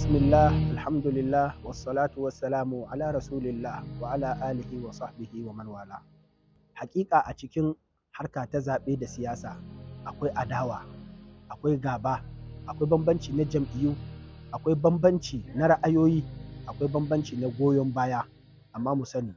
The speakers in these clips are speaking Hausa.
bismillah alhamdulillah wassalatu wassalamu ala rasulillah wa ala alihi wa sahbihi wa man wala hakika a cikin harka ta zaɓe da siyasa akwai adawa akwai gaba akwai bambanci na jam'iyyu akwai bambanci na ra'ayoyi akwai bambanci na goyon baya amma mu sani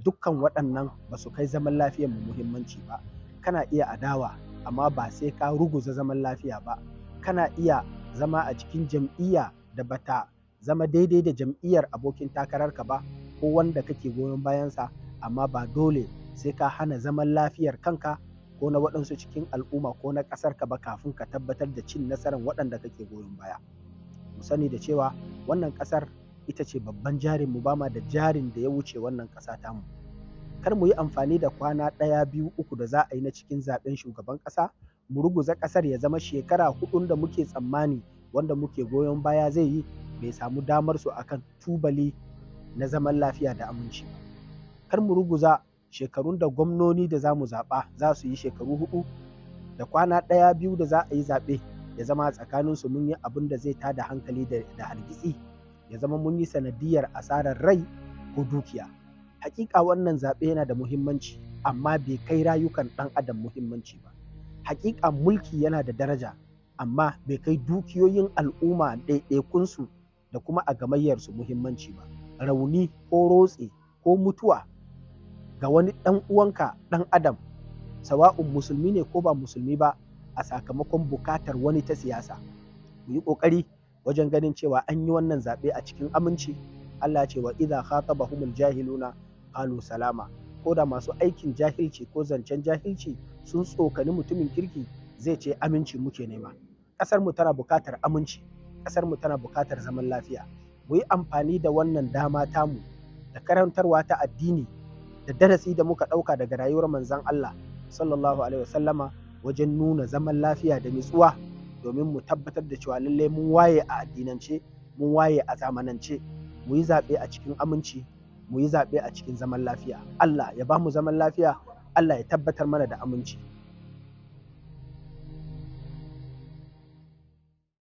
dukkan waɗannan ba su kai zaman lafiyar mu muhimmanci ba kana iya adawa amma ba sai ka ruguza zaman lafiya ba kana iya zama a cikin jam'iyya da bata zama daidai da jam'iyyar abokin takararka ba ko wanda kake goyon bayansa amma ba dole sai ka hana zaman lafiyar kanka ko na waɗansu cikin al'umma ko na ƙasarka ba kafin ka tabbatar da cin nasarar waɗanda kake goyon baya. Mu sani da cewa wannan ƙasar ita ce babban jarin mu bama da jarin da ya wuce wannan ƙasa tamu. Kar mu yi amfani da kwana ɗaya biyu uku da za a yi na cikin zaɓen shugaban ƙasa mu ruguza ƙasar ya zama shekara huɗun da muke tsammani wanda muke goyon baya zai yi bai samu damar su akan tubali na zaman lafiya da aminci ba. Kar mu ruguza shekarun da gwamnoni da za mu zaɓa za su yi shekaru huɗu da kwana ɗaya biyu da za a yi zaɓe ya zama tsakanin su mun yi abin da zai tada hankali da hargitsi ya zama mun yi sanadiyar asarar rai ko dukiya. Hakika wannan zaɓe yana da muhimmanci amma bai kai rayukan ɗan adam muhimmanci ba. Hakika mulki yana da daraja amma bai kai dukiyoyin al'umma ɗaiɗaikunsu da kuma a gamayyarsu muhimmanci ba rauni ko rotse ko mutuwa ga wani ɗan uwanka ɗan adam sawa'un musulmi ne ko ba musulmi ba a sakamakon buƙatar wani ta siyasa mu yi ƙoƙari wajen ganin cewa an yi wannan zaɓe a cikin aminci Allah ce wa ba humul jahiluna qalu salama ko da masu aikin jahilci ko zancen jahilci sun tsokani mutumin kirki zai ce aminci muke nema ƙasar mu tana buƙatar aminci ƙasar mu tana buƙatar zaman lafiya mu yi amfani da wannan dama mu da karantarwa ta addini da darasi da muka ɗauka daga rayuwar manzon Allah sallallahu alaihi wasallama wajen nuna zaman lafiya da nutsuwa domin mu tabbatar da cewa lalle mun waye a addinance mun waye a zamanance mu yi zaɓe a cikin aminci mu yi zaɓe a cikin zaman lafiya Allah ya ba mu zaman lafiya Allah ya tabbatar mana da aminci